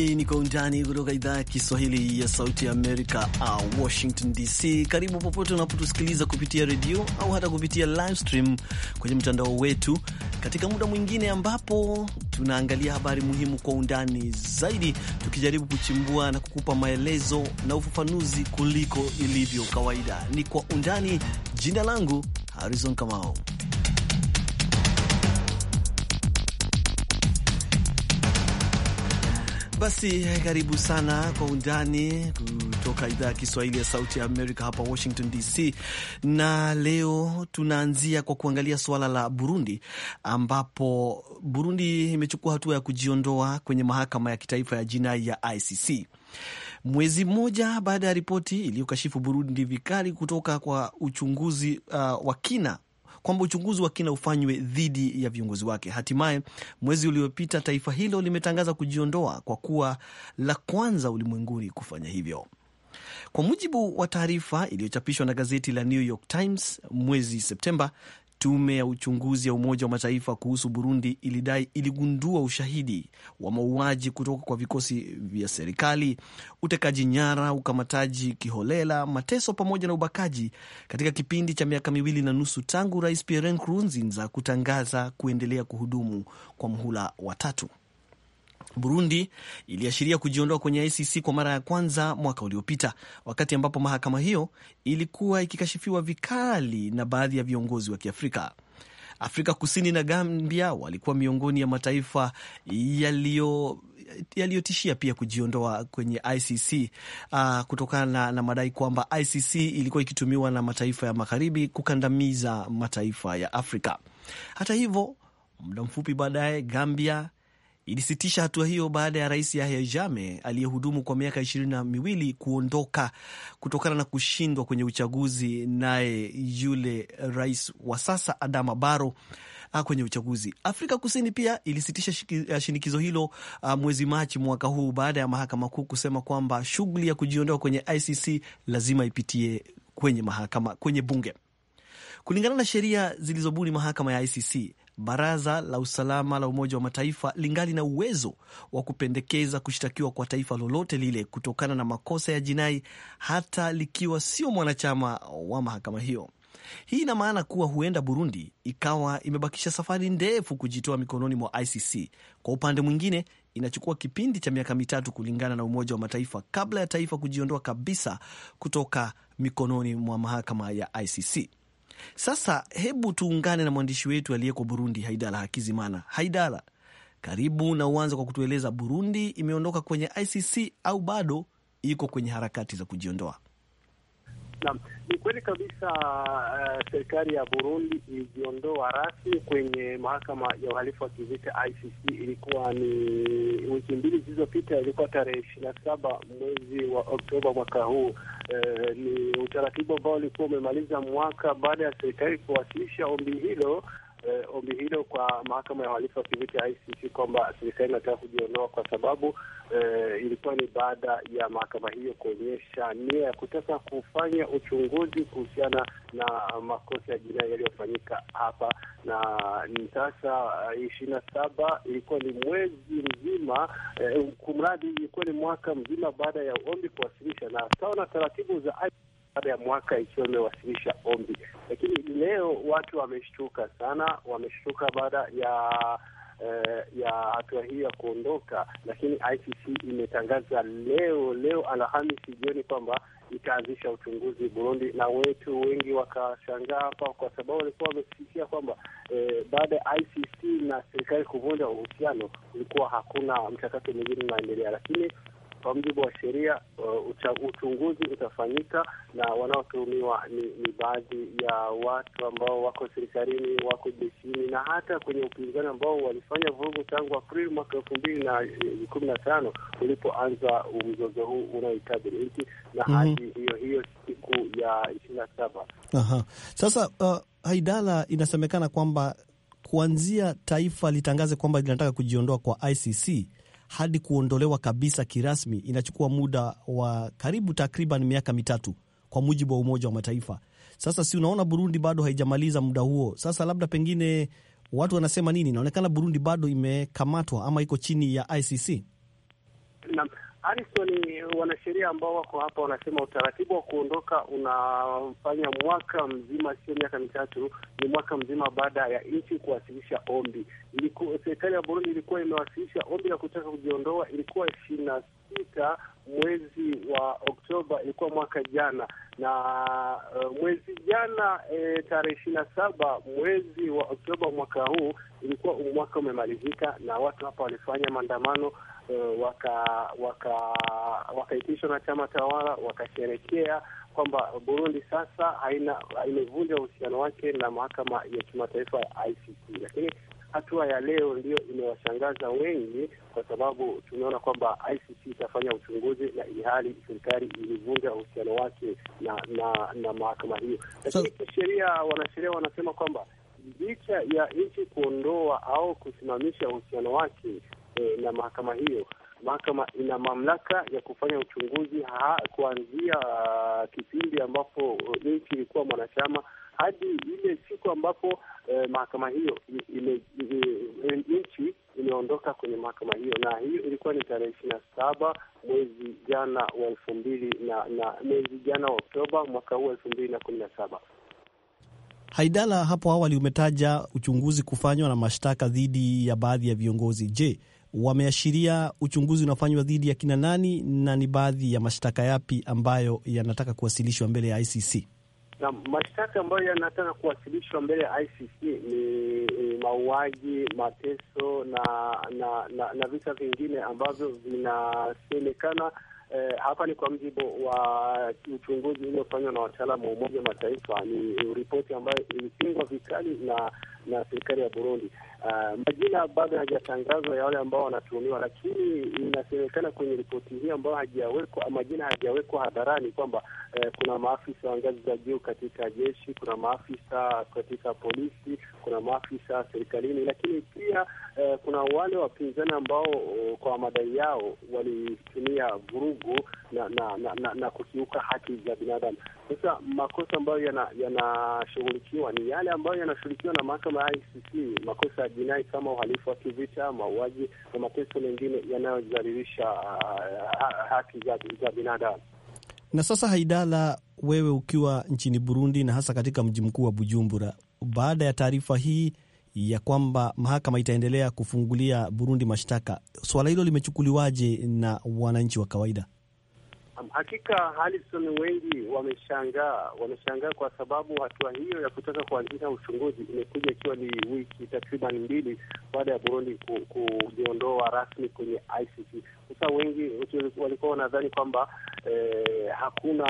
Hii ni Kwa Undani kutoka idhaa ya Kiswahili ya Sauti ya Amerika, uh, Washington DC. Karibu popote unapotusikiliza kupitia redio au hata kupitia live stream kwenye mtandao wetu, katika muda mwingine ambapo tunaangalia habari muhimu kwa undani zaidi, tukijaribu kuchimbua na kukupa maelezo na ufafanuzi kuliko ilivyo kawaida. Ni Kwa Undani. Jina langu Harrison Kamau. Basi karibu sana kwa undani kutoka idhaa ya Kiswahili ya Sauti ya Amerika hapa Washington DC, na leo tunaanzia kwa kuangalia suala la Burundi, ambapo Burundi imechukua hatua ya kujiondoa kwenye mahakama ya kitaifa ya jinai ya ICC mwezi mmoja baada ya ripoti iliyokashifu Burundi vikali kutoka kwa uchunguzi uh, wa kina kwamba uchunguzi wa kina ufanywe dhidi ya viongozi wake. Hatimaye mwezi uliopita, taifa hilo limetangaza kujiondoa kwa kuwa la kwanza ulimwenguni kufanya hivyo. Kwa mujibu wa taarifa iliyochapishwa na gazeti la New York Times mwezi Septemba, Tume ya uchunguzi ya Umoja wa Mataifa kuhusu Burundi ilidai iligundua ushahidi wa mauaji kutoka kwa vikosi vya serikali, utekaji nyara, ukamataji kiholela, mateso pamoja na ubakaji katika kipindi cha miaka miwili na nusu tangu Rais Pierre Nkurunziza kutangaza kuendelea kuhudumu kwa mhula wa tatu. Burundi iliashiria kujiondoa kwenye ICC kwa mara ya kwanza mwaka uliopita, wakati ambapo mahakama hiyo ilikuwa ikikashifiwa vikali na baadhi ya viongozi wa Kiafrika. Afrika Kusini na Gambia walikuwa miongoni ya mataifa yaliyotishia pia kujiondoa kwenye ICC uh, ah, kutokana na, na madai kwamba ICC ilikuwa ikitumiwa na mataifa ya magharibi kukandamiza mataifa ya Afrika. Hata hivyo, muda mfupi baadaye Gambia ilisitisha hatua hiyo baada ya rais Yahya Jame aliyehudumu kwa miaka ishirini na miwili kuondoka kutokana na kushindwa kwenye uchaguzi, naye yule rais wa sasa Adama baro ah, kwenye uchaguzi. Afrika Kusini pia ilisitisha ah, shinikizo hilo ah, mwezi Machi mwaka huu baada ya mahakama kuu kusema kwamba shughuli ya kujiondoa kwenye ICC lazima ipitie kwenye mahakama kwenye bunge kulingana na sheria zilizobuni mahakama ya ICC baraza la usalama la Umoja wa Mataifa lingali na uwezo wa kupendekeza kushtakiwa kwa taifa lolote lile kutokana na makosa ya jinai hata likiwa sio mwanachama wa mahakama hiyo. Hii ina maana kuwa huenda Burundi ikawa imebakisha safari ndefu kujitoa mikononi mwa ICC. Kwa upande mwingine, inachukua kipindi cha miaka mitatu kulingana na Umoja wa Mataifa kabla ya taifa kujiondoa kabisa kutoka mikononi mwa mahakama ya ICC. Sasa hebu tuungane na mwandishi wetu aliyeko Burundi, Haidala Hakizimana. Haidala, karibu na uanze kwa kutueleza, Burundi imeondoka kwenye ICC au bado iko kwenye harakati za kujiondoa? Islam. Ni kweli kabisa uh, serikali ya Burundi iliondoa rasmi kwenye mahakama ya uhalifu wa kivita ICC. Ilikuwa ni wiki mbili zilizopita, ilikuwa tarehe ishirini na saba mwezi wa Oktoba mwaka huu. Uh, ni utaratibu ambao ulikuwa umemaliza mwaka baada ya serikali kuwasilisha ombi hilo eh, ombi hilo kwa mahakama ya uhalifu wa kivita ICC kwamba serikali inataka kujiondoa kwa sababu eh, ilikuwa ni baada ya mahakama hiyo kuonyesha nia ya kutaka kufanya uchunguzi kuhusiana na makosa ya jinai yaliyofanyika hapa, na ni sasa eh, ishirini na saba ilikuwa ni mwezi mzima eh, kumradi ilikuwa ni mwaka mzima baada ya ombi kuwasilisha, na sawa na taratibu za baada ya mwaka ikiwa imewasilisha ombi lakini leo watu wameshtuka sana, wameshtuka baada ya eh, ya hatua hiyo ya kuondoka. Lakini ICC imetangaza leo leo Alhamisi jioni kwamba itaanzisha uchunguzi Burundi, na wetu wengi wakashangaa hapa, kwa sababu walikuwa wamesikia kwamba eh, baada ya ICC na serikali kuvunja uhusiano, kulikuwa hakuna mchakato mwingine unaendelea, lakini kwa mjibu wa sheria uh, uchunguzi utafanyika, na wanaotuhumiwa ni, ni baadhi ya watu ambao wako serikalini, wako jeshini na hata kwenye upinzani ambao walifanya vurugu tangu Aprili mwaka elfu mbili na eh, kumi na tano ulipoanza mzozo huu unaoikabili nchi na mm -hmm. hadi hiyo hiyo siku ya ishirini na saba. Aha. Sasa uh, Haidala, inasemekana kwamba kuanzia taifa litangaze kwamba linataka kujiondoa kwa ICC hadi kuondolewa kabisa kirasmi inachukua muda wa karibu takriban miaka mitatu kwa mujibu wa Umoja wa Mataifa. Sasa si unaona Burundi bado haijamaliza muda huo. Sasa labda pengine watu wanasema nini? Inaonekana Burundi bado imekamatwa ama iko chini ya ICC na Harrison, wanasheria ambao wako hapa wanasema utaratibu wa kuondoka unafanya mwaka mzima, sio miaka mitatu, ni mwaka mzima baada ya nchi kuwasilisha ombi. Serikali ya Burundi ilikuwa imewasilisha ombi la kutaka kujiondoa, ilikuwa ishirini na sita mwezi wa Oktoba, ilikuwa mwaka jana na uh, mwezi jana e, tarehe ishirini na saba mwezi wa Oktoba mwaka huu ilikuwa mwaka umemalizika, na watu hapa walifanya maandamano uh, eh, wakaitishwa waka, waka na chama tawala wakasherekea kwamba Burundi sasa haina imevunja uhusiano wake na mahakama ya kimataifa ya ICC, lakini hatua ya leo ndiyo imewashangaza wengi, kwa sababu tumeona kwamba ICC itafanya uchunguzi na ilihali serikali ilivunja uhusiano wake na na, na mahakama hiyo. Lakini so, kisheria wanasheria wanasema kwamba licha ya nchi kuondoa au kusimamisha uhusiano wake e, na mahakama hiyo. Mahakama ina mamlaka ya kufanya uchunguzi kuanzia uh, kipindi ambapo uh, nchi ilikuwa mwanachama hadi ile siku ambapo eh, mahakama hiyo e, nchi imeondoka kwenye mahakama hiyo, na hiyo ilikuwa ni tarehe ishirini na saba mwezi jana wa elfu mbili na, na mwezi jana wa Oktoba mwaka huu elfu mbili na kumi na saba. Haidala, hapo awali umetaja uchunguzi kufanywa na mashtaka dhidi ya baadhi ya viongozi. Je, wameashiria uchunguzi unafanywa dhidi ya kina nani na ni baadhi ya mashtaka yapi ambayo yanataka kuwasilishwa mbele ya ICC? Na mashtaka ambayo yanataka kuwasilishwa mbele ya ICC ni mauaji, mateso na na, na, na visa vingine ambavyo vinasemekana eh, hapa ni kwa mjibu wa uchunguzi uliofanywa na wataalamu wa Umoja wa Mataifa. Ni ripoti ambayo ilipingwa vikali na na serikali ya Burundi. Uh, majina bado hajatangazwa ya wale ambao wanatuhumiwa, lakini inasemekana kwenye ripoti hii ambayo hajawekwa majina hajawekwa hadharani kwamba eh, kuna maafisa wa ngazi za juu katika jeshi, kuna maafisa katika polisi, kuna maafisa serikalini, lakini pia eh, kuna wale wapinzani ambao eh, kwa madai yao walitumia vurugu na na, na, na, na kukiuka haki za binadamu. Sasa makosa ambayo yanashughulikiwa yana ni yale ambayo yanashughulikiwa na mahakama ya ICC, makosa ya jinai kama uhalifu wa kivita, mauaji na mateso mengine yanayodhalilisha uh, haki za, za binadamu. Na sasa, Haidala, wewe ukiwa nchini Burundi na hasa katika mji mkuu wa Bujumbura, baada ya taarifa hii ya kwamba mahakama itaendelea kufungulia Burundi mashtaka, swala hilo limechukuliwaje na wananchi wa kawaida? Hakika Harrison, wengi wameshangaa, wameshangaa kwa sababu hatua hiyo ya kutaka kuanzisha uchunguzi imekuja ikiwa ni wiki takriban mbili baada ya Burundi kujiondoa rasmi kwenye ICC. Sasa wengi walikuwa wanadhani kwamba eh, hakuna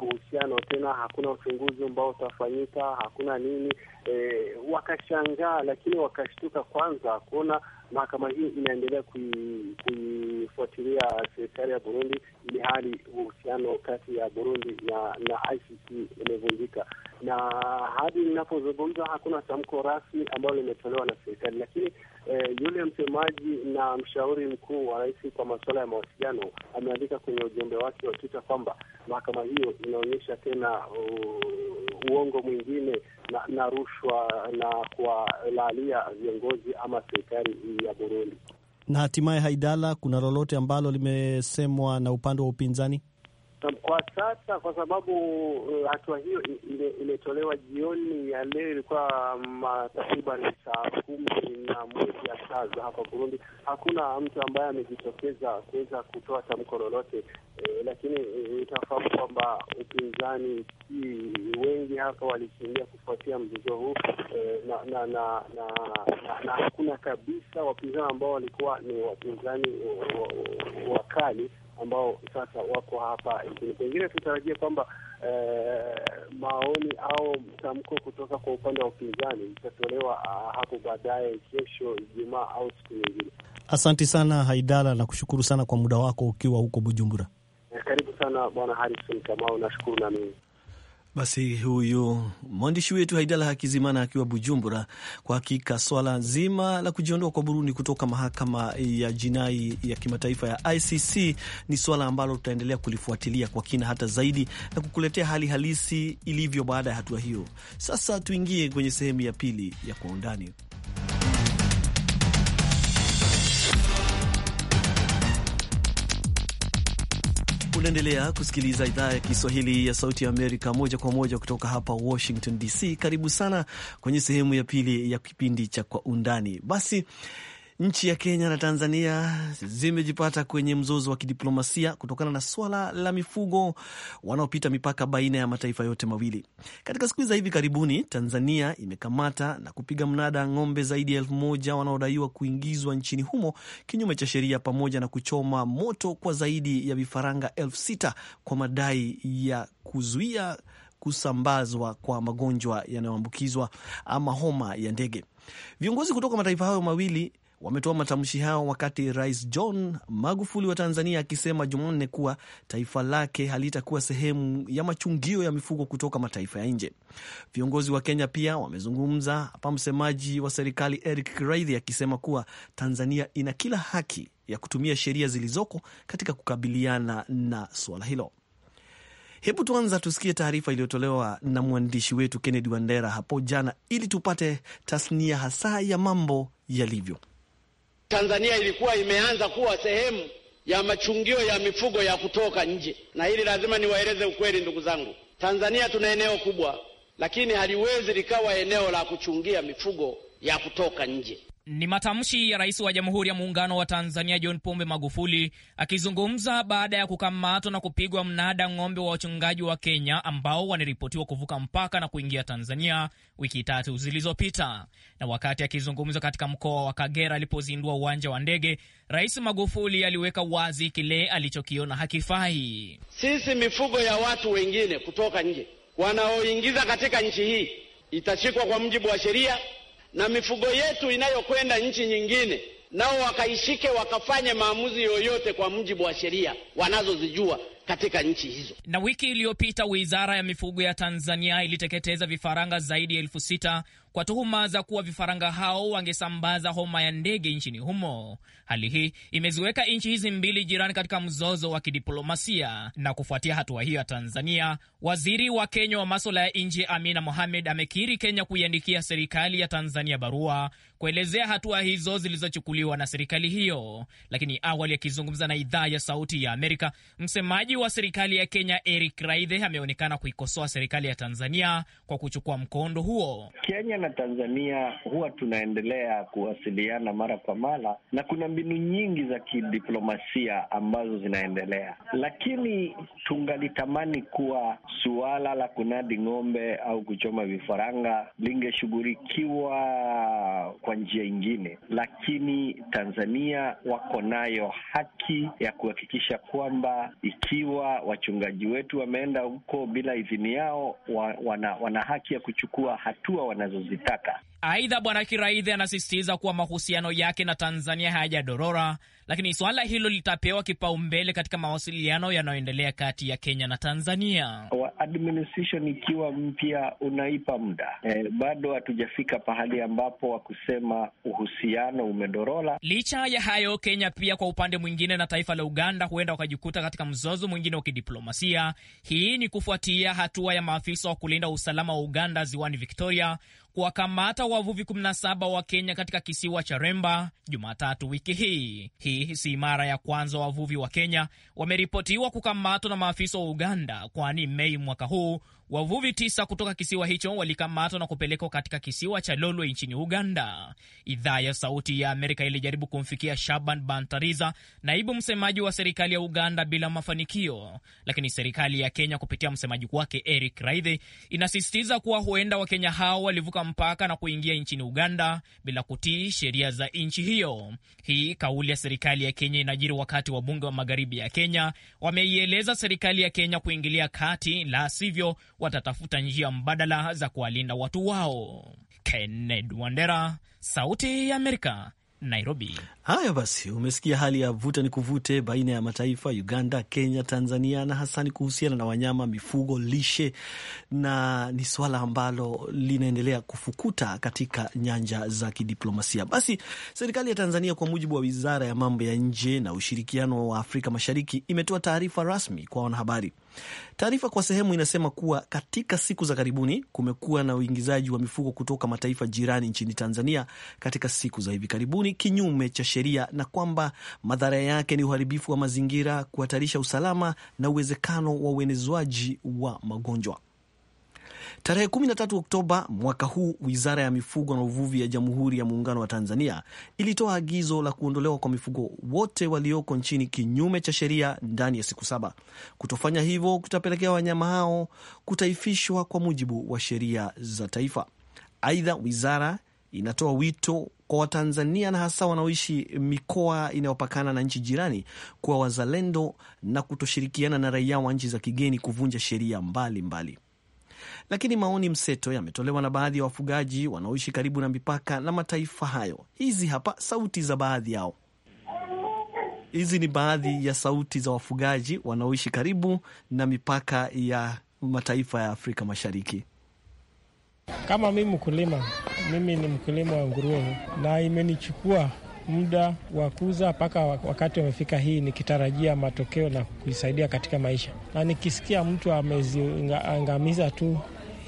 uhusiano tena, hakuna uchunguzi ambao utafanyika, hakuna nini eh, wakashangaa, lakini wakashtuka kwanza kuona mahakama hii inaendelea kuifuatilia serikali ya Burundi ili hali uhusiano kati ya Burundi na, na ICC imevunjika, na hadi inapozungumza hakuna tamko rasmi ambalo limetolewa na serikali, lakini eh, yule msemaji na mshauri mkuu wa rais kwa masuala ya mawasiliano ameandika kwenye ujumbe wake wa Twitter kwamba mahakama hiyo inaonyesha tena uh, uongo mwingine na, na rushwa na kuwalalia viongozi ama serikali hii ya Burundi. Na hatimaye, Haidala, kuna lolote ambalo limesemwa na upande wa upinzani? Kwa sasa kwa sababu uh, hatua hiyo imetolewa jioni ya leo, ilikuwa um, ah, takriban saa kumi na moja saa za hapa Burundi. Hakuna mtu ambaye amejitokeza kuweza kutoa tamko lolote eh, lakini itafahamu eh, kwamba upinzani si wengi hapa walishindia kufuatia mzozo huu eh, na, na, na, na, na, na hakuna kabisa wapinzani ambao walikuwa ni wapinzani wakali ambao sasa wako hapa nchini. Pengine tutarajia kwamba eh, maoni au mtamko kutoka kwa upande wa upinzani itatolewa ah, hapo baadaye kesho Ijumaa au siku nyingine. Asanti sana Haidala, kushukuru sana kwa muda wako ukiwa huko Bujumbura. Eh, karibu sana Bwana harison Kamau, nashukuru na mimi basi huyu mwandishi wetu Haidala Hakizimana akiwa Bujumbura. Kwa hakika swala zima la kujiondoa kwa Burundi kutoka mahakama ya jinai ya kimataifa ya ICC ni swala ambalo tutaendelea kulifuatilia kwa kina hata zaidi na kukuletea hali halisi ilivyo baada ya hatua hiyo. Sasa tuingie kwenye sehemu ya pili ya Kwa Undani. Unaendelea kusikiliza idhaa ya Kiswahili ya Sauti ya Amerika moja kwa moja kutoka hapa Washington DC. Karibu sana kwenye sehemu ya pili ya kipindi cha Kwa Undani. Basi Nchi ya Kenya na Tanzania zimejipata kwenye mzozo wa kidiplomasia kutokana na swala la mifugo wanaopita mipaka baina ya mataifa yote mawili. Katika siku za hivi karibuni, Tanzania imekamata na kupiga mnada ng'ombe zaidi ya elfu moja wanaodaiwa kuingizwa nchini humo kinyume cha sheria, pamoja na kuchoma moto kwa zaidi ya vifaranga elfu sita kwa madai ya kuzuia kusambazwa kwa magonjwa yanayoambukizwa ama homa ya ndege. Viongozi kutoka mataifa hayo mawili wametoa matamshi hao wakati Rais John Magufuli wa Tanzania akisema Jumanne kuwa taifa lake halitakuwa sehemu ya machungio ya mifugo kutoka mataifa ya nje. Viongozi wa Kenya pia wamezungumza hapa, msemaji wa serikali Eric Kiraithe akisema kuwa Tanzania ina kila haki ya kutumia sheria zilizoko katika kukabiliana na suala hilo. Hebu tuanza tusikie taarifa iliyotolewa na mwandishi wetu Kennedy Wandera hapo jana, ili tupate tasnia hasa ya mambo yalivyo. Tanzania ilikuwa imeanza kuwa sehemu ya machungio ya mifugo ya kutoka nje, na hili lazima niwaeleze ukweli, ndugu zangu. Tanzania tuna eneo kubwa, lakini haliwezi likawa eneo la kuchungia mifugo ya kutoka nje. Ni matamshi ya rais wa Jamhuri ya Muungano wa Tanzania John Pombe Magufuli akizungumza baada ya kukamatwa na kupigwa mnada ng'ombe wa wachungaji wa Kenya ambao wanaripotiwa kuvuka mpaka na kuingia Tanzania wiki tatu zilizopita. Na wakati akizungumza katika mkoa wa Kagera alipozindua uwanja wa ndege, Rais Magufuli aliweka wazi kile alichokiona hakifai. Sisi mifugo ya watu wengine kutoka nje wanaoingiza katika nchi hii itashikwa kwa mujibu wa sheria na mifugo yetu inayokwenda nchi nyingine, nao wakaishike wakafanye maamuzi yoyote kwa mujibu wa sheria wanazozijua katika nchi hizo. Na wiki iliyopita wizara ya mifugo ya Tanzania iliteketeza vifaranga zaidi ya elfu sita kwa tuhuma za kuwa vifaranga hao wangesambaza homa ya ndege nchini humo. Hali hii imeziweka nchi hizi mbili jirani katika mzozo wa kidiplomasia. Na kufuatia hatua hiyo ya Tanzania, waziri wa Kenya wa maswala ya nje Amina Mohamed amekiri Kenya kuiandikia serikali ya Tanzania barua kuelezea hatua hizo zilizochukuliwa na serikali hiyo. Lakini awali, akizungumza na idhaa ya Sauti ya Amerika, msemaji wa serikali ya Kenya Eric Raidhe ameonekana kuikosoa serikali ya Tanzania kwa kuchukua mkondo huo. Kenya na Tanzania huwa tunaendelea kuwasiliana mara kwa mara, na kuna mbinu nyingi za kidiplomasia ambazo zinaendelea, lakini tungalitamani kuwa suala la kunadi ng'ombe au kuchoma vifaranga lingeshughulikiwa kwa njia ingine, lakini Tanzania wako nayo haki ya kuhakikisha kwamba ikiwa wachungaji wetu wameenda huko bila idhini yao, wana, wana haki ya kuchukua hatua wanazozi wanazozitaka. Aidha, Bwana Kiraidhi anasisitiza kuwa mahusiano yake na Tanzania hayajadorora, lakini suala hilo litapewa kipaumbele katika mawasiliano yanayoendelea kati ya Kenya na Tanzania. administration ikiwa mpya unaipa muda eh, bado hatujafika pahali ambapo wa kusema uhusiano umedorora. Licha ya hayo, Kenya pia kwa upande mwingine na taifa la Uganda huenda wakajikuta katika mzozo mwingine wa kidiplomasia. Hii ni kufuatia hatua ya maafisa wa kulinda usalama wa Uganda ziwani Victoria kuwakamata wavuvi 17 wa Kenya katika kisiwa cha Remba Jumatatu wiki hii. Hii si mara ya kwanza wavuvi wa Kenya wameripotiwa kukamatwa na maafisa wa Uganda, kwani Mei mwaka huu Wavuvi tisa kutoka kisiwa hicho walikamatwa na kupelekwa katika kisiwa cha Lolwe nchini Uganda. Idhaa ya Sauti ya Amerika ilijaribu kumfikia Shaban Bantariza, naibu msemaji wa serikali ya Uganda, bila mafanikio, lakini serikali ya Kenya kupitia msemaji wake Eric Raithe inasisitiza kuwa huenda Wakenya hao walivuka mpaka na kuingia nchini Uganda bila kutii sheria za nchi hiyo. Hii kauli ya serikali ya Kenya inajiri wakati wabunge wa magharibi ya Kenya wameieleza serikali ya Kenya kuingilia kati, la sivyo watatafuta njia mbadala za kuwalinda watu wao. Kenneth Wandera, Sauti ya Amerika, Nairobi. Haya basi, umesikia hali ya vuta ni kuvute baina ya mataifa Uganda, Kenya, Tanzania na hasani kuhusiana na wanyama, mifugo, lishe, na ni swala ambalo linaendelea kufukuta katika nyanja za kidiplomasia. Basi serikali ya Tanzania kwa mujibu wa wizara ya mambo ya nje na ushirikiano wa Afrika Mashariki imetoa taarifa rasmi kwa wanahabari Taarifa kwa sehemu inasema kuwa katika siku za karibuni kumekuwa na uingizaji wa mifugo kutoka mataifa jirani nchini Tanzania katika siku za hivi karibuni kinyume cha sheria, na kwamba madhara yake ni uharibifu wa mazingira, kuhatarisha usalama na uwezekano wa uenezwaji wa magonjwa. Tarehe 13 Oktoba mwaka huu, wizara ya mifugo na uvuvi ya Jamhuri ya Muungano wa Tanzania ilitoa agizo la kuondolewa kwa mifugo wote walioko nchini kinyume cha sheria ndani ya siku saba. Kutofanya hivyo kutapelekea wanyama hao kutaifishwa kwa mujibu wa sheria za taifa. Aidha, wizara inatoa wito kwa Watanzania na hasa wanaoishi mikoa inayopakana na nchi jirani kuwa wazalendo na kutoshirikiana na raia wa nchi za kigeni kuvunja sheria mbalimbali lakini maoni mseto yametolewa na baadhi ya wafugaji wanaoishi karibu na mipaka na mataifa hayo. Hizi hapa sauti za baadhi yao. Hizi ni baadhi ya sauti za wafugaji wanaoishi karibu na mipaka ya mataifa ya Afrika Mashariki. Kama mimi mkulima, mimi ni mkulima wa nguruwe na imenichukua muda wa kuza mpaka wakati wamefika. Hii nikitarajia matokeo na kuisaidia katika maisha, na nikisikia mtu ameziangamiza tu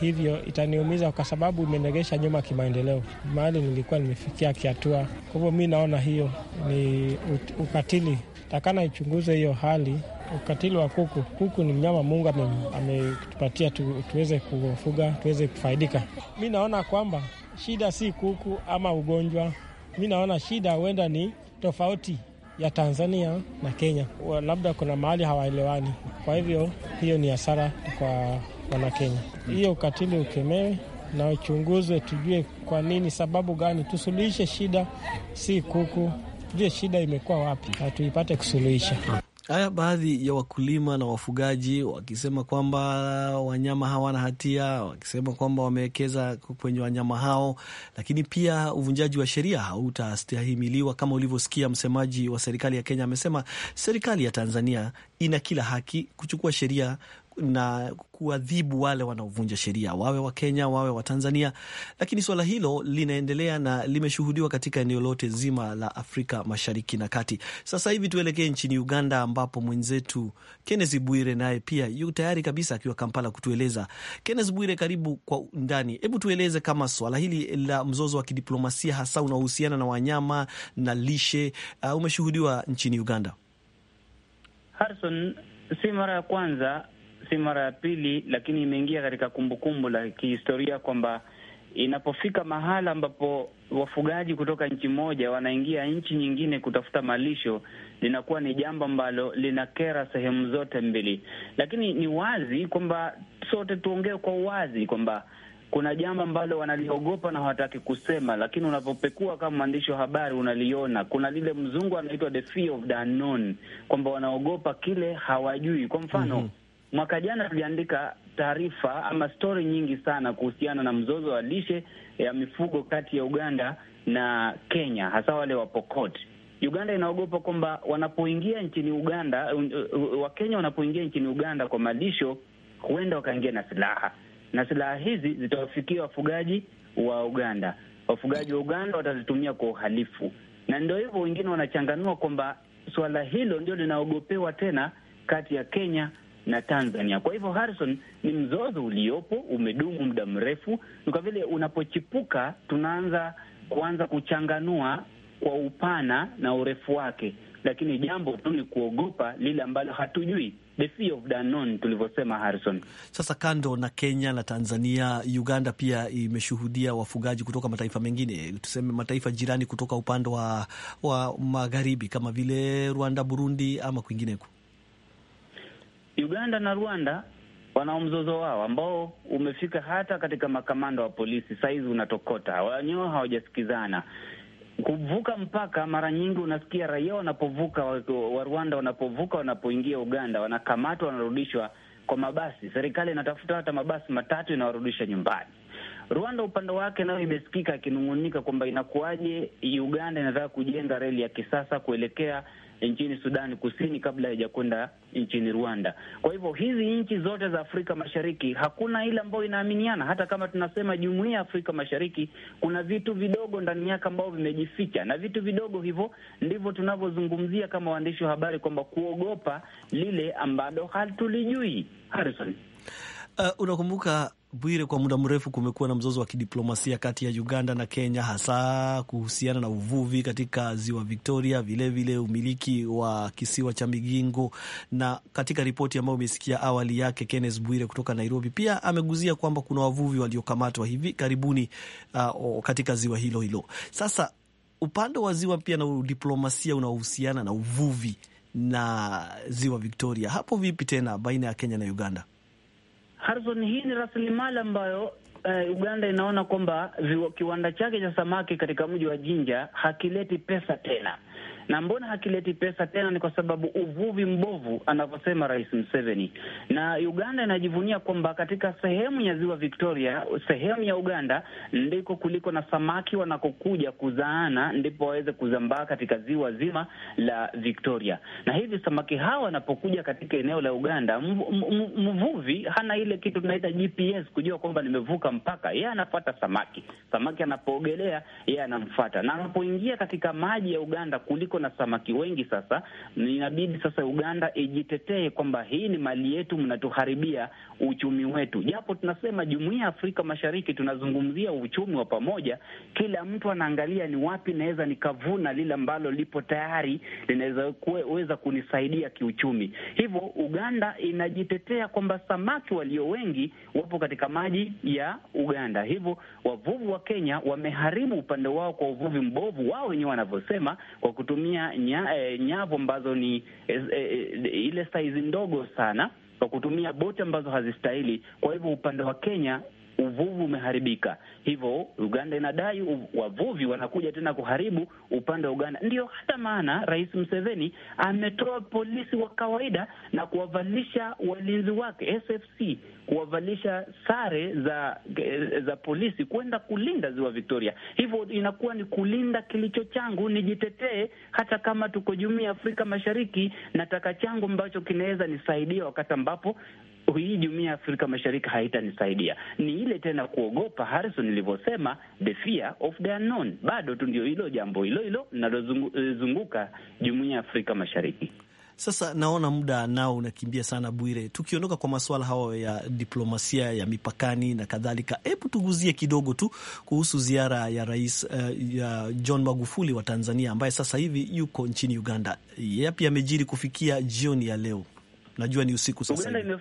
hivyo itaniumiza kwa sababu imenegesha nyuma kimaendeleo, mahali nilikuwa nimefikia kihatua. Kwa hivyo mi naona hiyo ni ukatili, takana ichunguze hiyo hali. Ukatili wa kuku. Kuku ni mnyama Mungu ametupatia tu, tuweze kufuga tuweze kufaidika. Mi naona kwamba shida si kuku ama ugonjwa mi naona shida huenda ni tofauti ya Tanzania na Kenya, labda kuna mahali hawaelewani. Kwa hivyo hiyo ni hasara kwa Wanakenya. Hiyo ukatili ukemewe na uchunguzwe, tujue kwa nini, sababu gani, tusuluhishe shida, si kuku, tujue shida imekuwa wapi na tuipate kusuluhisha. Haya, baadhi ya wakulima na wafugaji wakisema kwamba wanyama hawana hatia, wakisema kwamba wamewekeza kwenye wanyama hao, lakini pia uvunjaji wa sheria hautastahimiliwa. Kama ulivyosikia, msemaji wa serikali ya Kenya amesema serikali ya Tanzania ina kila haki kuchukua sheria na kuadhibu wale wanaovunja sheria, wawe wa kenya wawe wa tanzania Lakini suala hilo linaendelea na limeshuhudiwa katika eneo lote zima la Afrika Mashariki na Kati. Sasa hivi tuelekee nchini Uganda, ambapo mwenzetu Kenneth Bwire naye pia yu tayari kabisa akiwa Kampala kutueleza. Kenneth Bwire, karibu kwa undani. Hebu tueleze kama swala hili la mzozo wa kidiplomasia hasa unaohusiana na wanyama na lishe uh, umeshuhudiwa nchini Uganda. Harrison, si mara ya kwanza si mara ya pili, lakini imeingia katika kumbukumbu la kihistoria kwamba inapofika mahala ambapo wafugaji kutoka nchi moja wanaingia nchi nyingine kutafuta malisho, linakuwa ni jambo ambalo linakera sehemu zote mbili. Lakini ni wazi kwamba sote tuongee kwa uwazi kwamba kuna jambo ambalo wanaliogopa na hawataki kusema, lakini unapopekua kama mwandishi wa habari unaliona. Kuna lile mzungu anaitwa the fear of the unknown, kwamba wanaogopa kile hawajui. Kwa mfano mm -hmm. Mwaka jana tuliandika taarifa ama stori nyingi sana kuhusiana na mzozo wa lishe ya mifugo kati ya Uganda na Kenya, hasa wale wa Pokot. Uganda inaogopa kwamba wanapoingia nchini Uganda, uh, uh, Wakenya wanapoingia nchini Uganda kwa malisho, huenda wakaingia na silaha, na silaha hizi zitawafikia wafugaji wa Uganda. Wafugaji wa Uganda watazitumia kwa uhalifu, na ndio hivyo, wengine wanachanganua kwamba suala hilo ndio linaogopewa tena kati ya Kenya na Tanzania. Kwa hivyo, Harrison, ni mzozo uliopo umedumu muda mrefu, ni kwa vile unapochipuka tunaanza kuanza kuchanganua kwa upana na urefu wake, lakini jambo tu ni kuogopa lile ambalo hatujui, the fear of the unknown tulivyosema, Harrison. Sasa kando na Kenya na Tanzania, Uganda pia imeshuhudia wafugaji kutoka mataifa mengine, tuseme mataifa jirani kutoka upande wa, wa magharibi kama vile Rwanda, Burundi ama kwingineko. Uganda na Rwanda wana mzozo wao ambao umefika hata katika makamanda wa polisi, saizi unatokota, wanyoo hawajasikizana kuvuka mpaka. Mara nyingi unasikia raia wanapovuka wa Rwanda wanapovuka, wanapoingia Uganda wanakamatwa, wanarudishwa kwa mabasi. Serikali inatafuta hata mabasi matatu inawarudisha nyumbani. Rwanda upande wake nayo imesikika akinung'unika kwamba inakuwaje Uganda inataka kujenga reli ya kisasa kuelekea nchini Sudani Kusini kabla haijakwenda nchini Rwanda. Kwa hivyo hizi nchi zote za Afrika Mashariki hakuna ile ambayo inaaminiana. Hata kama tunasema jumuia ya Afrika Mashariki, kuna vitu vidogo ndani yake ambayo vimejificha, na vitu vidogo hivyo ndivyo tunavyozungumzia kama waandishi wa habari kwamba kuogopa lile ambalo hatulijui. Harrison, uh, unakumbuka Bwire, kwa muda mrefu kumekuwa na mzozo wa kidiplomasia kati ya Uganda na Kenya, hasa kuhusiana na uvuvi katika ziwa Victoria, vilevile vile umiliki wa kisiwa cha Migingo. Na katika ripoti ambayo umesikia awali yake Kenneth Bwire kutoka Nairobi, pia ameguzia kwamba kuna wavuvi waliokamatwa hivi karibuni uh, katika ziwa hilo hilo. Sasa upande wa ziwa pia na udiplomasia unaohusiana na uvuvi na ziwa Victoria, hapo vipi tena baina ya Kenya na Uganda? Harrison, hii ni rasilimali ambayo Uh, Uganda inaona kwamba kiwanda chake cha samaki katika mji wa Jinja hakileti pesa tena na mbona hakileti pesa tena? Ni kwa sababu uvuvi mbovu, anavyosema Rais mseveni Na Uganda inajivunia kwamba katika sehemu ya ziwa Victoria, sehemu ya Uganda ndiko kuliko na samaki wanakokuja kuzaana, ndipo waweze kuzambaa katika ziwa zima la Victoria. Na hivi samaki hawa wanapokuja katika eneo la Uganda, mvuvi hana ile kitu tunaita GPS kujua kwamba nimevuka mpaka. Yeye anafuata samaki, samaki anapoogelea yeye anamfuata, na anapoingia katika maji ya Uganda kuliko iko na samaki wengi sasa, inabidi sasa Uganda ijitetee kwamba hii ni mali yetu, mnatuharibia uchumi wetu. Japo tunasema jumuiya ya Afrika Mashariki, tunazungumzia uchumi wa pamoja, kila mtu anaangalia ni wapi naweza nikavuna lile ambalo lipo tayari linaweza kunisaidia kiuchumi. Hivyo Uganda inajitetea kwamba samaki walio wengi wapo katika maji ya Uganda. Hivyo wavuvi wa Kenya wameharibu upande wao kwa uvuvi mbovu wao wenyewe wanavyosema, kwa kutumia nya, eh, nyavu ambazo ni eh, eh, ile saizi ndogo sana kwa kutumia boti ambazo hazistahili. Kwa hivyo upande wa Kenya uvuvi umeharibika, hivyo Uganda inadai wavuvi wanakuja tena kuharibu upande wa Uganda. Ndiyo hata maana Rais mseveni ametoa polisi wa kawaida na kuwavalisha walinzi wake SFC, kuwavalisha sare za za polisi kwenda kulinda ziwa Victoria. Hivyo inakuwa ni kulinda kilicho changu, nijitetee. Hata kama tuko jumuiya ya Afrika Mashariki, nataka changu ambacho kinaweza nisaidia wakati ambapo hii jumuiya ya Afrika Mashariki haitanisaidia. Ni ile tena kuogopa, Harrison, nilivyosema the fear of the unknown. Bado tu ndio hilo jambo hilo hilo linalozunguka eh, jumuiya ya Afrika Mashariki. Sasa naona muda nao unakimbia sana, Bwire. Tukiondoka kwa masuala hayo ya diplomasia ya mipakani na kadhalika, hebu tuguzie kidogo tu kuhusu ziara ya rais uh, ya John Magufuli wa Tanzania ambaye sasa hivi yuko nchini Uganda. Yapi yamejiri kufikia jioni ya leo? Najua ni usiku sasa hivi.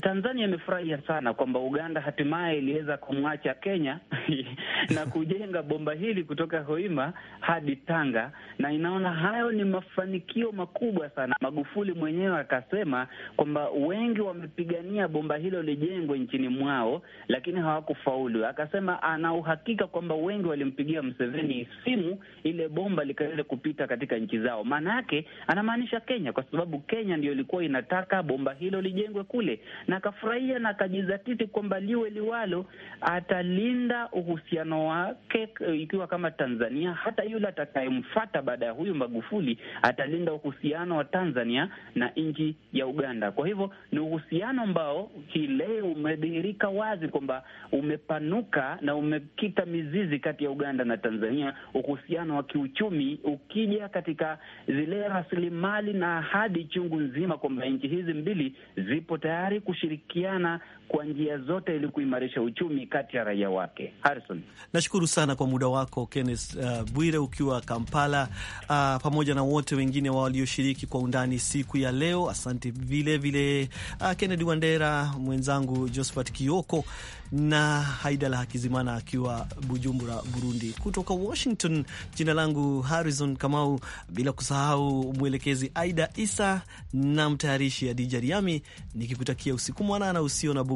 Tanzania imefurahia sana kwamba Uganda hatimaye iliweza kumwacha Kenya na kujenga bomba hili kutoka Hoima hadi Tanga, na inaona hayo ni mafanikio makubwa sana. Magufuli mwenyewe akasema kwamba wengi wamepigania bomba hilo lijengwe nchini mwao, lakini hawakufaulu. Akasema ana uhakika kwamba wengi walimpigia Mseveni simu ile bomba likaweza kupita katika nchi zao. Maana yake anamaanisha Kenya, kwa sababu Kenya ndio ilikuwa inataka bomba hilo lijengwe kule na akafurahia na akajizatiti kwamba liwe liwalo, atalinda uhusiano wake eh, ikiwa kama Tanzania, hata yule atakayemfata baada ya huyu Magufuli atalinda uhusiano wa Tanzania na nchi ya Uganda. Kwa hivyo ni uhusiano ambao hileo umedhihirika wazi kwamba umepanuka na umekita mizizi kati ya Uganda na Tanzania, uhusiano wa kiuchumi ukija katika zile rasilimali na ahadi chungu nzima kwamba nchi hizi mbili zipo tayari kushirikiana kwa njia zote ili kuimarisha uchumi kati ya raia wake. Harrison, nashukuru sana kwa muda wako Kenneth uh, Bwire ukiwa Kampala, uh, pamoja na wote wengine walioshiriki kwa undani siku ya leo. Asante vilevile uh, Kennedy Wandera mwenzangu Josephat Kioko na Haida la Hakizimana akiwa Bujumbura, Burundi. Kutoka Washington, jina langu Harrison Kamau, bila kusahau mwelekezi Aida Isa na mtayarishi Adija Riami, nikikutakia usiku mwanana usio na bu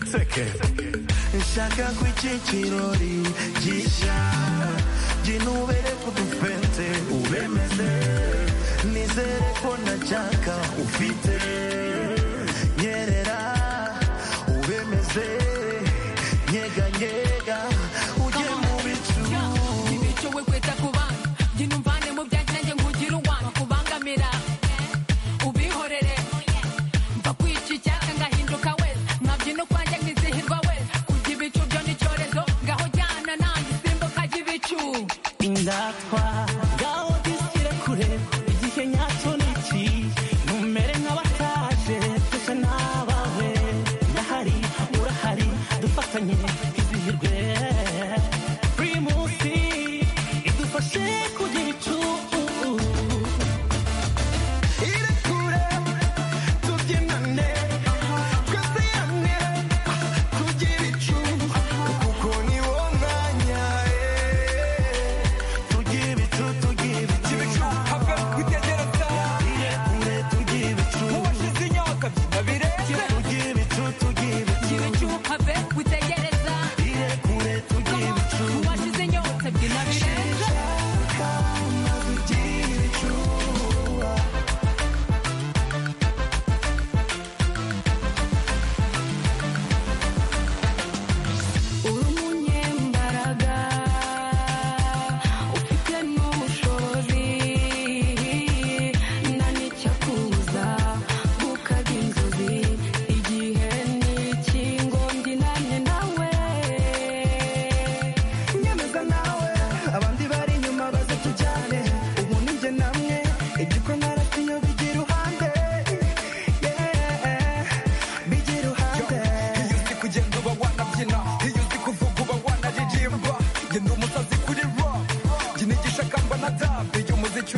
zecche zecche Shaka qui cicirori Gisha Ginuvere kutupete Ubemeze Nizere kona chaka ufite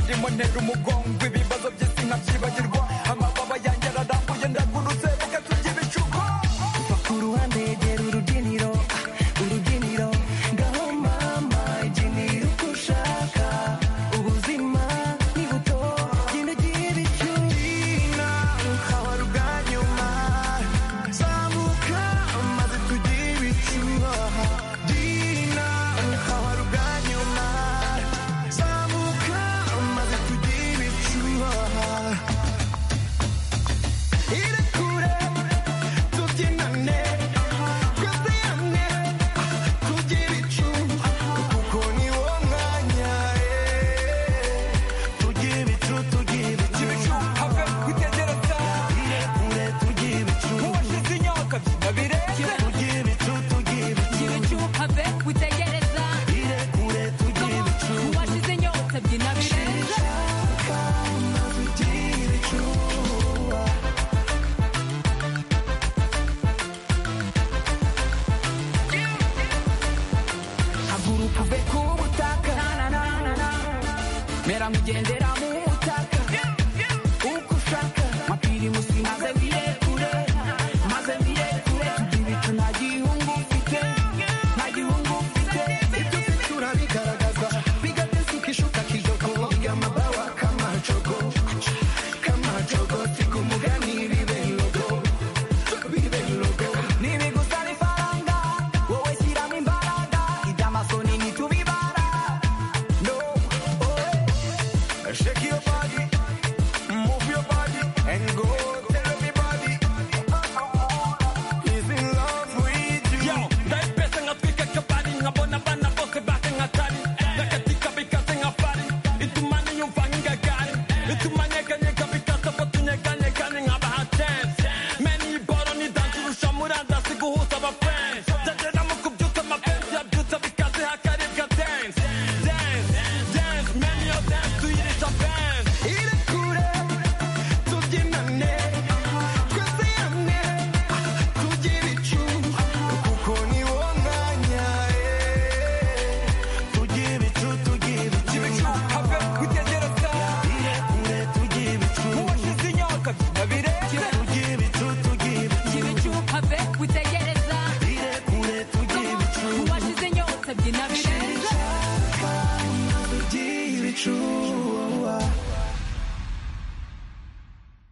turi mu ntera umugongo ibibazo by'isi nkabyibagirwa